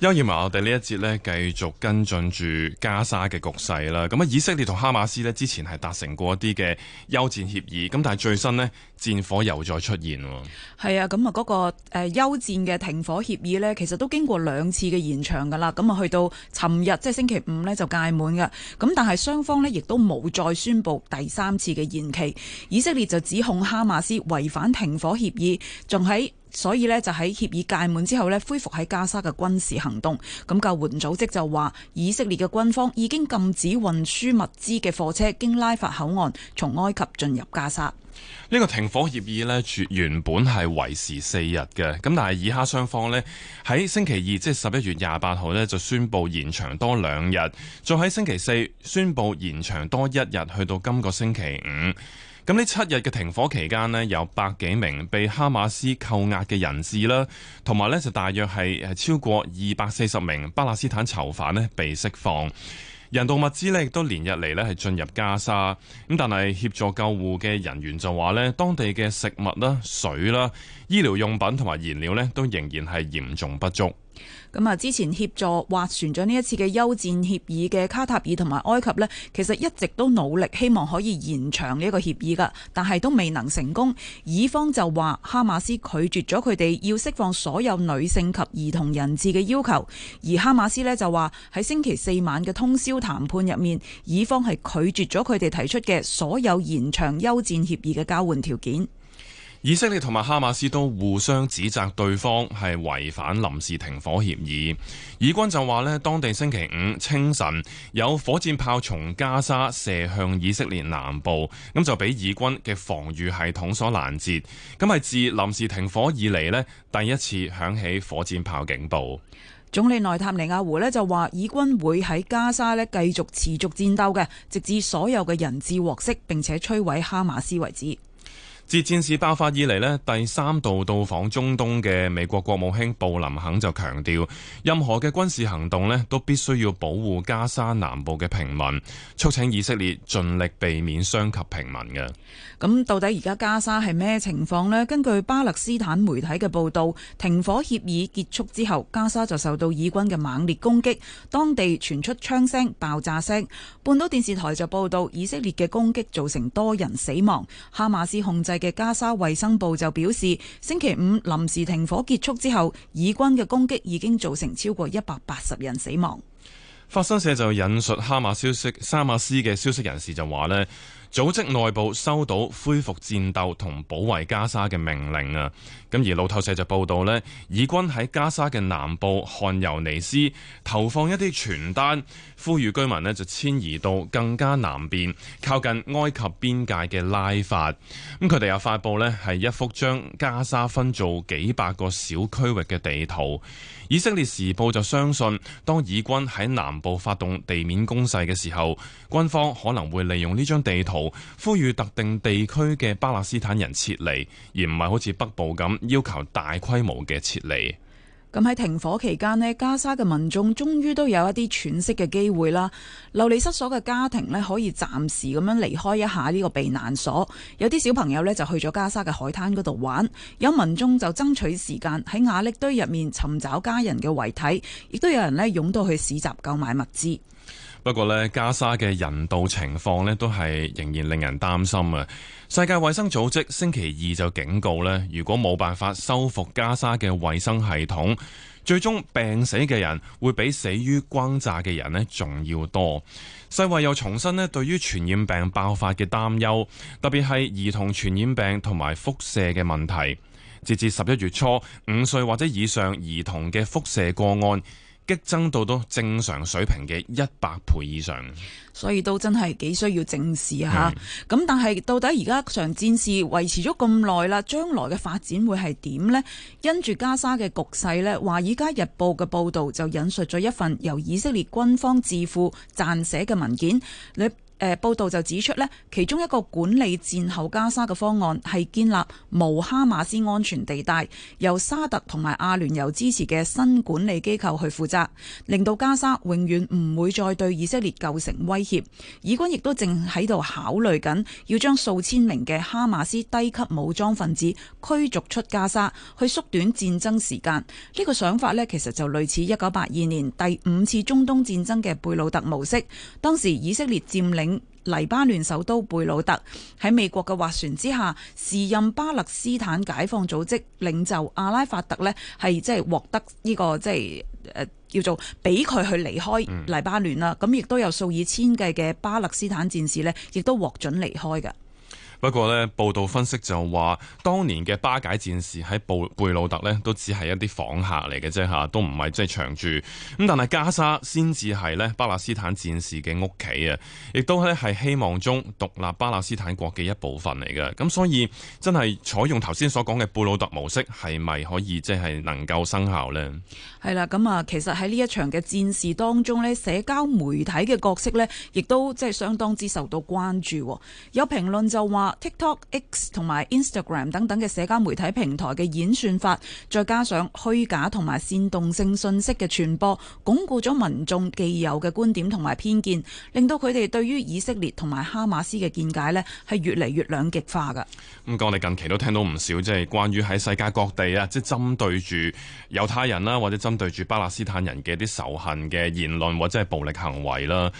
休戰我哋呢一節呢，繼續跟進住加沙嘅局勢啦。咁啊，以色列同哈馬斯呢之前係達成過一啲嘅休戰協議，咁但係最新呢戰火又再出現。係啊，咁啊嗰個休戰嘅停火協議呢，其實都經過兩次嘅延長噶啦，咁啊去到尋日即係星期五呢，就屆滿㗎。咁但係雙方呢，亦都冇再宣布第三次嘅延期。以色列就指控哈馬斯違反停火協議，仲喺。所以呢，就喺協議屆滿之後呢恢復喺加沙嘅軍事行動。咁救援組織就話以色列嘅軍方已經禁止運輸物資嘅貨車經拉法口岸從埃及進入加沙。呢個停火協議呢，原本係維持四日嘅，咁但係以哈雙方呢，喺星期二即係十一月廿八號呢，就宣布延長多兩日，再喺星期四宣布延長多一日，去到今個星期五。咁呢七日嘅停火期間呢，有百幾名被哈馬斯扣押嘅人質啦，同埋呢，就大約係超過二百四十名巴勒斯坦囚犯呢被釋放。人道物資呢，亦都連日嚟呢係進入加沙，咁但係協助救護嘅人員就話呢，當地嘅食物啦、水啦、醫療用品同埋燃料呢，都仍然係嚴重不足。咁啊，之前協助斡旋咗呢一次嘅休戰協議嘅卡塔爾同埋埃及呢，其實一直都努力希望可以延長呢一個協議噶，但係都未能成功。以方就話哈馬斯拒絕咗佢哋要釋放所有女性及兒童人質嘅要求，而哈馬斯呢，就話喺星期四晚嘅通宵談判入面，以方係拒絕咗佢哋提出嘅所有延長休戰協議嘅交換條件。以色列同埋哈馬斯都互相指責對方係違反臨時停火協議。以軍就話咧，當地星期五清晨有火箭炮從加沙射向以色列南部，咁就俾以軍嘅防禦系統所攔截。咁係自臨時停火以嚟，咧第一次響起火箭炮警報。總理內塔尼亞胡咧就話，以軍會喺加沙咧繼續持續戰鬥嘅，直至所有嘅人質獲釋，並且摧毀哈馬斯為止。自戰事爆發以嚟呢，第三度到訪中東嘅美國國務卿布林肯就強調，任何嘅軍事行動呢都必須要保護加沙南部嘅平民，促請以色列盡力避免傷及平民嘅。咁到底而家加沙係咩情況呢？根據巴勒斯坦媒體嘅報道，停火協議結束之後，加沙就受到以軍嘅猛烈攻擊，當地傳出槍聲、爆炸聲。半島電視台就報道，以色列嘅攻擊造成多人死亡，哈馬斯控制嘅加沙衛生部就表示，星期五臨時停火結束之後，以軍嘅攻擊已經造成超過一百八十人死亡。法新社就引述哈馬消息，沙馬斯嘅消息人士就話呢。組織內部收到恢復戰鬥同保衛加沙嘅命令啊！咁而路透社就報道呢，以軍喺加沙嘅南部漢尤尼斯投放一啲傳單，呼籲居民呢就遷移到更加南邊，靠近埃及邊界嘅拉法。咁佢哋又發佈呢係一幅將加沙分做幾百個小區域嘅地圖。以色列時報就相信，當以軍喺南部發動地面攻勢嘅時候，軍方可能會利用呢張地圖。呼籲特定地區嘅巴勒斯坦人撤離，而唔係好似北部咁要求大規模嘅撤離。咁喺停火期間呢，加沙嘅民眾終於都有一啲喘息嘅機會啦。流離失所嘅家庭呢，可以暫時咁樣離開一下呢個避難所。有啲小朋友呢，就去咗加沙嘅海灘嗰度玩，有民眾就爭取時間喺瓦礫堆入面尋找家人嘅遺體，亦都有人呢湧到去市集購買物資。不過呢，加沙嘅人道情況都係仍然令人擔心啊！世界衛生組織星期二就警告呢，如果冇辦法修復加沙嘅衛生系統，最終病死嘅人會比死於轟炸嘅人咧，仲要多。世衛又重申咧，對於傳染病爆發嘅擔憂，特別係兒童傳染病同埋輻射嘅問題。截至十一月初，五歲或者以上兒童嘅輻射個案。激增到到正常水平嘅一百倍以上，所以都真係幾需要正視吓。咁、嗯、但係到底而家場戰事維持咗咁耐啦，將來嘅發展會係點咧？因住加沙嘅局勢咧，華爾街日報嘅報道就引述咗一份由以色列軍方智庫撰寫嘅文件，你。誒報道就指出呢，其中一個管理戰後加沙嘅方案係建立無哈馬斯安全地帶，由沙特同埋阿聯酋支持嘅新管理機構去負責，令到加沙永遠唔會再對以色列構成威脅。以軍亦都正喺度考慮緊要將數千名嘅哈馬斯低級武裝分子驅逐出加沙，去縮短戰爭時間。呢、這個想法呢，其實就類似一九八二年第五次中東戰爭嘅貝魯特模式，當時以色列佔領。黎巴嫩首都貝魯特喺美國嘅斡旋之下，時任巴勒斯坦解放組織領袖阿拉法特呢，係即係獲得呢、呢個即係誒、呃、叫做俾佢去離開黎巴嫩啦。咁亦都有數以千計嘅巴勒斯坦戰士呢，亦都獲准離開嘅。不過咧，報道分析就話，當年嘅巴解戰士喺布貝魯特咧，都只係一啲房客嚟嘅啫吓，都唔係即係長住。咁但係加沙先至係咧巴勒斯坦戰士嘅屋企啊，亦都咧係希望中獨立巴勒斯坦國嘅一部分嚟嘅。咁所以真係採用頭先所講嘅貝魯特模式，係咪可以即係能夠生效呢？係啦，咁啊，其實喺呢一場嘅戰事當中咧，社交媒體嘅角色呢，亦都即係相當之受到關注。有評論就話。TikTok X 同埋 Instagram 等等嘅社交媒體平台嘅演算法，再加上虛假同埋煽動性信息嘅傳播，鞏固咗民眾既有嘅觀點同埋偏見，令到佢哋對於以色列同埋哈馬斯嘅見解呢，係越嚟越兩極化嘅。咁我哋近期都聽到唔少，即係關於喺世界各地啊，即係針對住猶太人啦，或者針對住巴勒斯坦人嘅啲仇恨嘅言論或者係暴力行為啦。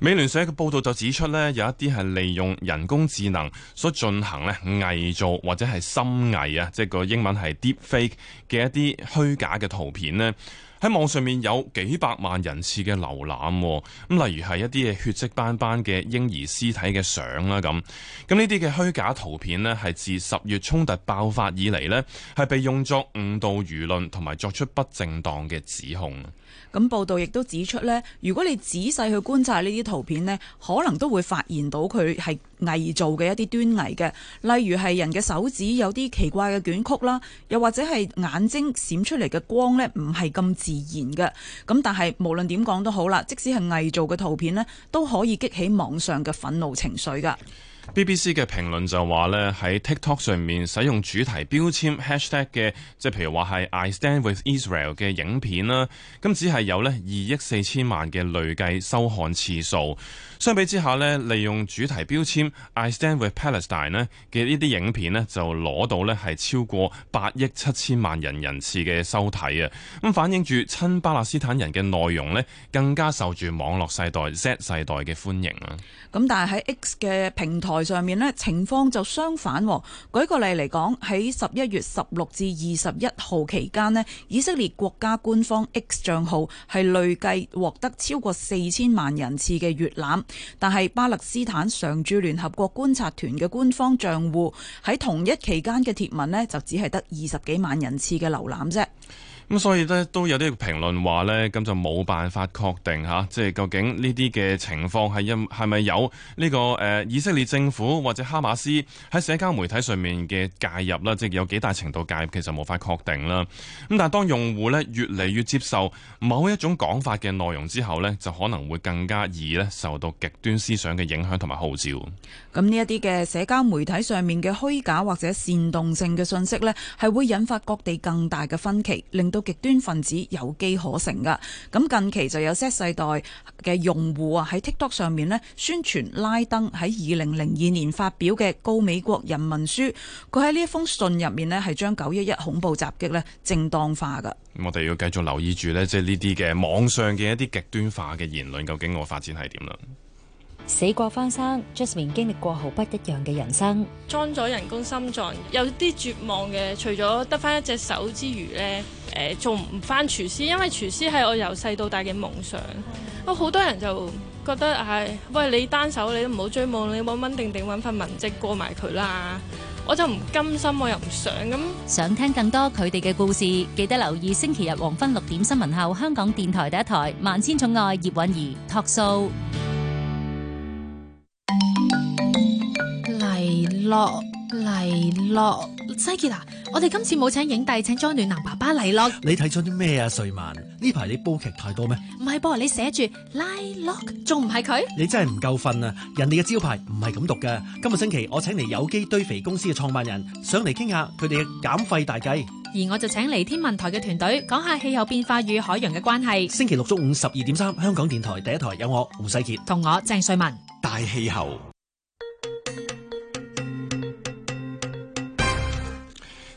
美聯社嘅報道就指出呢，有一啲係利用人工智能。所以進行咧偽造或者係深偽啊，即係個英文係 deep fake 嘅一啲虛假嘅圖片咧。喺網上面有幾百萬人次嘅瀏覽，咁例如係一啲嘅血跡斑斑嘅嬰兒屍體嘅相啦，咁咁呢啲嘅虛假圖片呢，係自十月衝突爆發以嚟呢，係被用作誤導輿論同埋作出不正當嘅指控。咁報道亦都指出呢，如果你仔細去觀察呢啲圖片呢，可能都會發現到佢係偽造嘅一啲端倪嘅，例如係人嘅手指有啲奇怪嘅捲曲啦，又或者係眼睛閃出嚟嘅光呢，唔係咁自然嘅，咁但係無論點講都好啦，即使係偽造嘅圖片咧，都可以激起網上嘅憤怒情緒噶。BBC 嘅評論就話咧，喺 TikTok 上面使用主題標籤 hashtag 嘅，即係譬如話係 I stand with Israel 嘅影片啦，咁只係有呢二億四千萬嘅累計收看次數。相比之下呢，利用主題標籤 I stand with Palestine 呢嘅呢啲影片呢，就攞到呢係超過八億七千萬人人次嘅收睇啊！咁反映住親巴勒斯坦人嘅內容呢，更加受住網絡世代 Z 世代嘅歡迎啊。咁但係喺 X 嘅平台，上面情況就相反，哦，舉個例嚟講，喺十一月十六至二十一號期間以色列國家官方 X 帳號係累計獲得超過四千萬人次嘅閲覽，但係巴勒斯坦常駐聯合國觀察團嘅官方帳戶喺同一期間嘅貼文呢，就只係得二十幾萬人次嘅瀏覽啫。咁所以咧，都有啲評論話咧，咁就冇辦法確定吓，即係究竟呢啲嘅情況係因係咪有呢個誒以色列政府或者哈馬斯喺社交媒體上面嘅介入啦，即係有幾大程度介入，其實冇法確定啦。咁但係當用戶咧，越嚟越接受某一種講法嘅內容之後咧，就可能會更加易咧，受到極端思想嘅影響同埋號召。咁呢一啲嘅社交媒體上面嘅虛假或者煽動性嘅信息咧，係會引發各地更大嘅分歧，令到。極端分子有機可乘噶。咁近期就有 Z 世代嘅用戶啊，喺 TikTok 上面咧宣傳拉登喺二零零二年發表嘅《告美國人民書》，佢喺呢一封信入面咧係將九一一恐怖襲擊咧正當化噶。咁我哋要繼續留意住咧，即係呢啲嘅網上嘅一啲極端化嘅言論，究竟我發展係點啦？死過翻生，Jasmine 經歷過毫不一樣嘅人生，裝咗人工心臟，有啲絕望嘅。除咗得翻一隻手之餘咧。誒做唔返廚師，因為廚師係我由細到大嘅夢想。嗯、我好多人就覺得係，喂，你單手你都唔好追夢。你，你穩穩定定揾份文職過埋佢啦。我就唔甘心，我又唔想咁。想聽更多佢哋嘅故事，記得留意星期日黃昏六點新聞後，香港電台第一台《萬千寵愛》葉韻兒 talk show 嚟咯。尼洛西杰啊！我哋今次冇請影帝，請咗暖男爸爸尼洛。你睇咗啲咩啊？瑞文，呢排你煲劇太多咩？唔係噃，你寫住拉落，仲唔係佢？你真係唔夠瞓啊！人哋嘅招牌唔係咁讀嘅。今個星期我請嚟有機堆肥公司嘅創辦人，上嚟傾下佢哋嘅減廢大計。而我就請嚟天文台嘅團隊，講下氣候變化與海洋嘅關係。星期六中午十二點三，香港電台第一台有我胡世杰，同我鄭瑞文，大氣候。.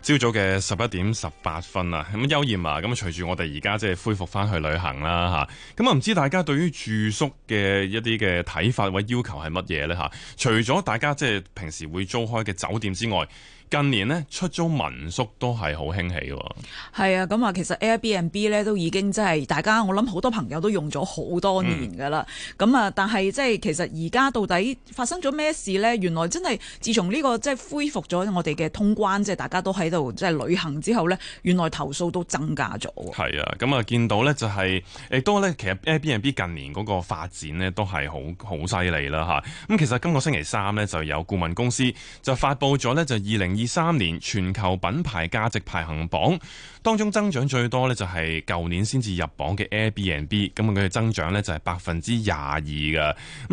朝早嘅十一點十八分啊，咁悠然啊，咁隨住我哋而家即係恢復翻去旅行啦吓，咁啊唔、嗯、知大家對於住宿嘅一啲嘅睇法或要求係乜嘢呢？吓、啊？除咗大家即係平時會租開嘅酒店之外。近年呢，出租民宿都係好興起喎，係啊，咁啊其實 Airbnb 咧都已經即係大家我諗好多朋友都用咗好多年噶啦，咁啊、嗯、但係即係其實而家到底發生咗咩事咧？原來真係自從呢、這個即係恢復咗我哋嘅通關即係大家都喺度即係旅行之後咧，原來投訴都增加咗。係啊，咁啊見到咧就係亦都咧其實 Airbnb 近年嗰個發展咧都係好好犀利啦吓，咁、啊、其實今個星期三咧就有顧問公司就發佈咗咧就二零。二三年全球品牌價值排行榜當中增長最多呢，就係舊年先至入榜嘅 Airbnb，咁佢嘅增長呢，就係百分之廿二噶，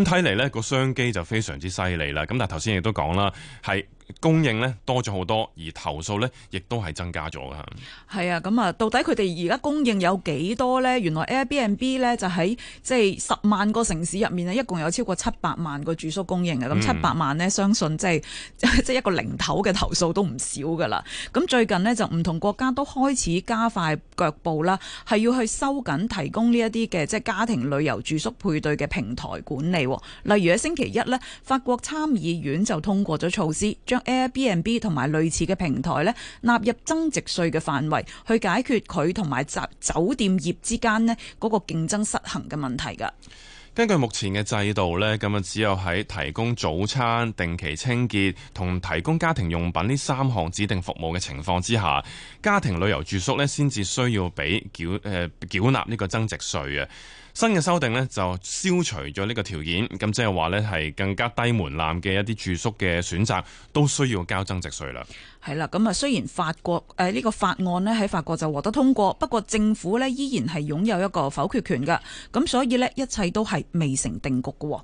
咁睇嚟呢個商機就非常之犀利啦。咁但係頭先亦都講啦，係。供應呢多咗好多，而投訴呢亦都係增加咗嘅。係啊，咁啊，到底佢哋而家供應有幾多呢？原來 Airbnb 呢，就喺即係十萬個城市入面呢一共有超過七百萬個住宿供應嘅。咁七百萬呢，相信即係即係一個零頭嘅投訴都唔少㗎喇。咁最近呢，就唔同國家都開始加快腳步啦，係要去收緊提供呢一啲嘅即係家庭旅遊住宿配對嘅平台管理。例如喺星期一呢，法國參議院就通過咗措施，Airbnb 同埋類似嘅平台咧，納入增值稅嘅範圍，去解決佢同埋集酒店業之間咧嗰個競爭失衡嘅問題噶。根據目前嘅制度咧，咁啊只有喺提供早餐、定期清潔同提供家庭用品呢三項指定服務嘅情況之下，家庭旅遊住宿咧先至需要俾繳誒繳納呢個增值稅啊。新嘅修訂呢就消除咗呢個條件，咁即係話呢係更加低門檻嘅一啲住宿嘅選擇都需要交增值稅啦。係啦，咁啊雖然法國誒呢、呃呢個法案呢喺法國就獲得通過，不過政府呢依然係擁有一個否決權嘅，咁所以呢，一切都係未成定局嘅。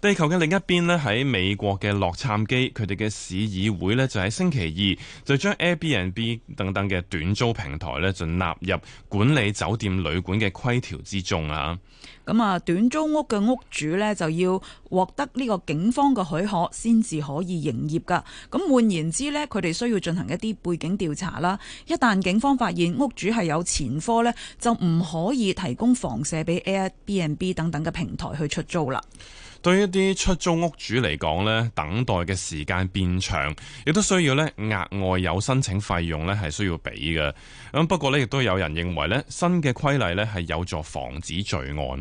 地球嘅另一邊咧，喺美國嘅洛杉磯，佢哋嘅市議會咧就喺星期二就將 Airbnb 等等嘅短租平台咧就納入管理酒店旅館嘅規條之中啊。咁啊，短租屋嘅屋主咧就要獲得呢個警方嘅許可先至可以營業噶。咁換言之咧，佢哋需要進行一啲背景調查啦。一旦警方發現屋主係有前科咧，就唔可以提供房舍俾 Airbnb 等等嘅平台去出租啦。對於一啲出租屋主嚟講，等待嘅時間變長，亦都需要咧額外有申請費用咧係需要俾嘅。咁不過咧，亦都有人認為新嘅規例咧係有助防止罪案。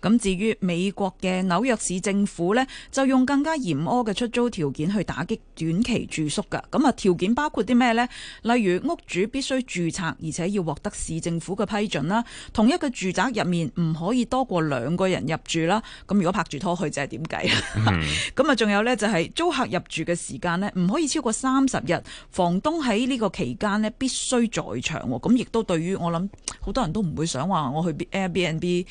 咁至於美國嘅紐約市政府呢，就用更加嚴苛嘅出租條件去打擊短期住宿噶。咁啊，條件包括啲咩呢？例如屋主必須註冊，而且要獲得市政府嘅批准啦。同一個住宅入面唔可以多過兩個人入住啦。咁如果拍住拖去。 佢就係點計咁啊。仲有呢，就係租客入住嘅時間呢，唔可以超過三十日，房東喺呢個期間呢，必須在場，咁亦都對於我諗好多人都唔會想話我去 Airbnb，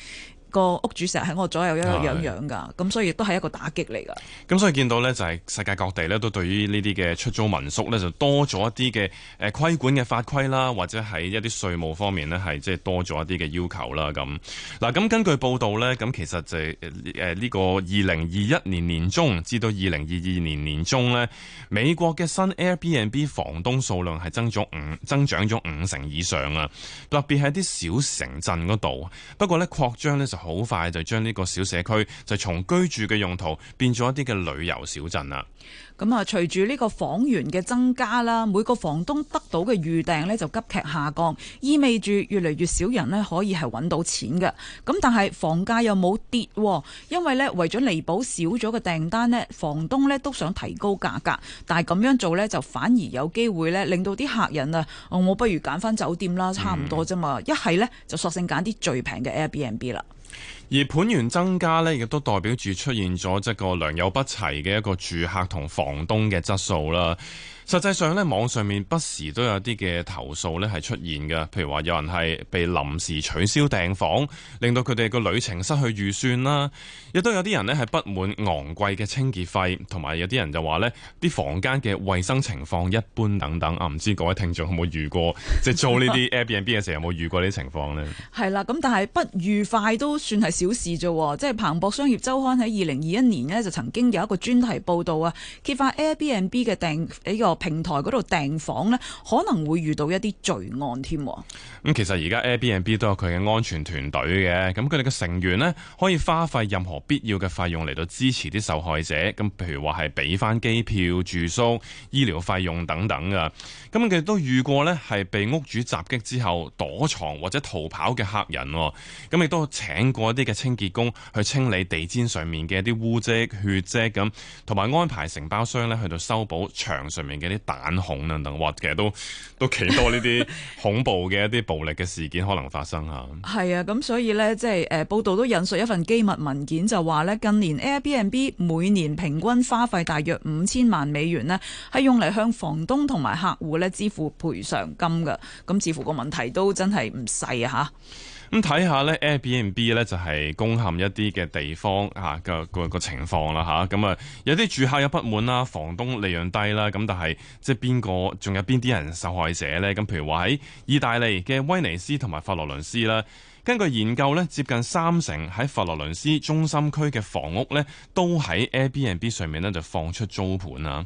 個屋主成日喺我左右一樣樣㗎，咁所以亦都係一個打擊嚟㗎。咁、嗯、所以見到呢，就係、是、世界各地呢都對於呢啲嘅出租民宿呢，就多咗一啲嘅誒規管嘅法規啦，或者喺一啲稅務方面呢，係即係多咗一啲嘅要求啦。咁嗱，咁根據報道呢，咁其實就係、是、呢、呃這個二零二一年年中至到二零二二年年中呢，美國嘅新 Airbnb 房東數量係增咗五增長咗五成以上啊！特別係啲小城鎮嗰度，不過呢擴張呢，就。好快就將呢個小社區就從居住嘅用途變咗一啲嘅旅遊小鎮啦。咁啊，隨住呢個房源嘅增加啦，每個房東得到嘅預訂呢就急劇下降，意味住越嚟越少人呢可以係揾到錢嘅。咁但係房價又冇跌，因為呢，為咗彌補少咗嘅訂單呢房東呢都想提高價格，但係咁樣做呢，就反而有機會呢，令到啲客人啊，哦，我不如揀翻酒店啦，差唔多啫嘛，一係呢，就索性揀啲最平嘅 Airbnb 啦。而盤源增加咧，亦都代表住出現咗即係個良莠不齊嘅一個住客同房東嘅質素啦。實際上咧，網上面不時都有啲嘅投訴咧係出現嘅，譬如話有人係被臨時取消訂房，令到佢哋個旅程失去預算啦；亦都有啲人咧係不滿昂貴嘅清潔費，同埋有啲人就話呢啲房間嘅衛生情況一般等等。啊，唔知各位聽眾有冇遇過？即係做呢啲 Airbnb 嘅時候有冇遇過呢啲情況呢？係啦， 咁但係不愉快都算係小事啫。即係彭博商業週刊喺二零二一年呢，就曾經有一個專題報導啊，揭發 Airbnb 嘅訂呢、呢個，平台嗰度訂房咧，可能會遇到一啲罪案添。咁其實而家 Airbnb 都有佢嘅安全團隊嘅，咁佢哋嘅成員咧可以花費任何必要嘅費用嚟到支持啲受害者。咁譬如話係俾翻機票、住宿、醫療費用等等啊。咁佢哋都遇過咧係被屋主襲擊之後躲藏或者逃跑嘅客人。咁亦都請過一啲嘅清潔工去清理地氈上面嘅一啲污漬血迹，咁，同埋安排承包商咧去到修補牆上面嘅。啲彈孔啊，等等，哇！其實都都幾多呢啲恐怖嘅一啲暴力嘅事件可能發生吓，係 啊，咁所以呢，即係誒、呃，報道都引述一份機密文件就話咧，近年 Airbnb 每年平均花費大約五千萬美元呢，係用嚟向房東同埋客戶咧支付賠償金噶，咁似乎個問題都真係唔細啊，吓。咁睇下咧 Airbnb 咧就係攻陷一啲嘅地方啊，個個情況啦吓，咁啊有啲住客有不滿啦，房東利潤低啦，咁但係即係邊個，仲有邊啲人受害者咧？咁譬如話喺意大利嘅威尼斯同埋佛羅倫斯啦，根據研究咧，接近三成喺佛羅倫斯中心區嘅房屋咧，都喺 Airbnb 上面咧就放出租盤啦。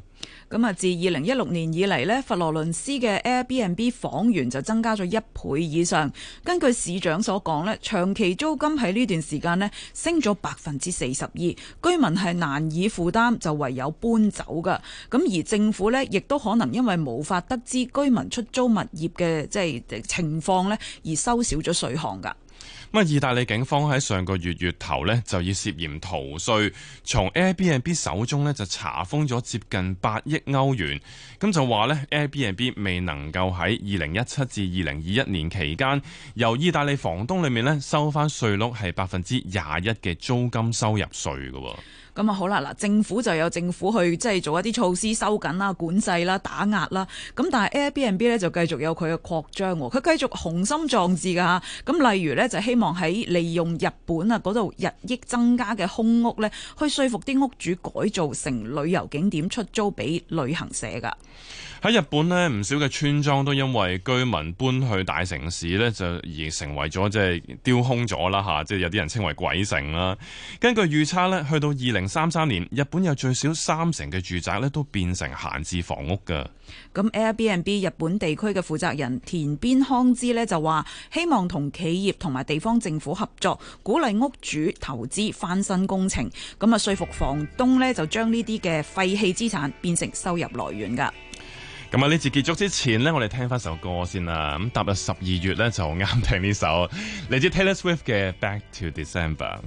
咁啊，自二零一六年以嚟呢，佛羅倫斯嘅 Airbnb 房源就增加咗一倍以上。根據市長所講呢，長期租金喺呢段時間呢升咗百分之四十二，居民係難以負擔，就唯有搬走噶。咁而政府呢，亦都可能因為無法得知居民出租物業嘅即係情況呢，而收少咗稅項噶。意大利警方喺上個月月頭就要涉嫌逃稅，從 Airbnb 手中就查封咗接近八億歐元。咁就話咧，Airbnb 未能夠喺二零一七至二零二一年期間，由意大利房東裏面咧收翻稅率係百分之廿一嘅租金收入稅嘅。咁啊好啦，嗱，政府就有政府去即係做一啲措施收緊啦、管制啦、打壓啦。咁但係 Airbnb 就繼續有佢嘅擴張，佢繼續雄心壯志㗎嚇。咁例如呢，就希，希望喺利用日本啊度日益增加嘅空屋咧，去說服啲屋主改造成旅遊景點出租俾旅行社噶。喺日本咧，唔少嘅村莊都因為居民搬去大城市咧，就而成為咗即係丟空咗啦吓，即係有啲人稱為鬼城啦。根據預測咧，去到二零三三年，日本有最少三成嘅住宅咧都變成閒置房屋噶。咁 Airbnb 日本地區嘅負責人田邊康之咧就話，希望同企業同埋地方。幫政府合作，鼓勵屋主投資翻新工程，咁啊說服房東咧就將呢啲嘅廢棄資產變成收入來源噶。咁啊呢次結束之前呢，我哋聽翻首歌先啦。咁踏入十二月咧就啱聽呢首嚟自 Taylor Swift 嘅《Back to December》。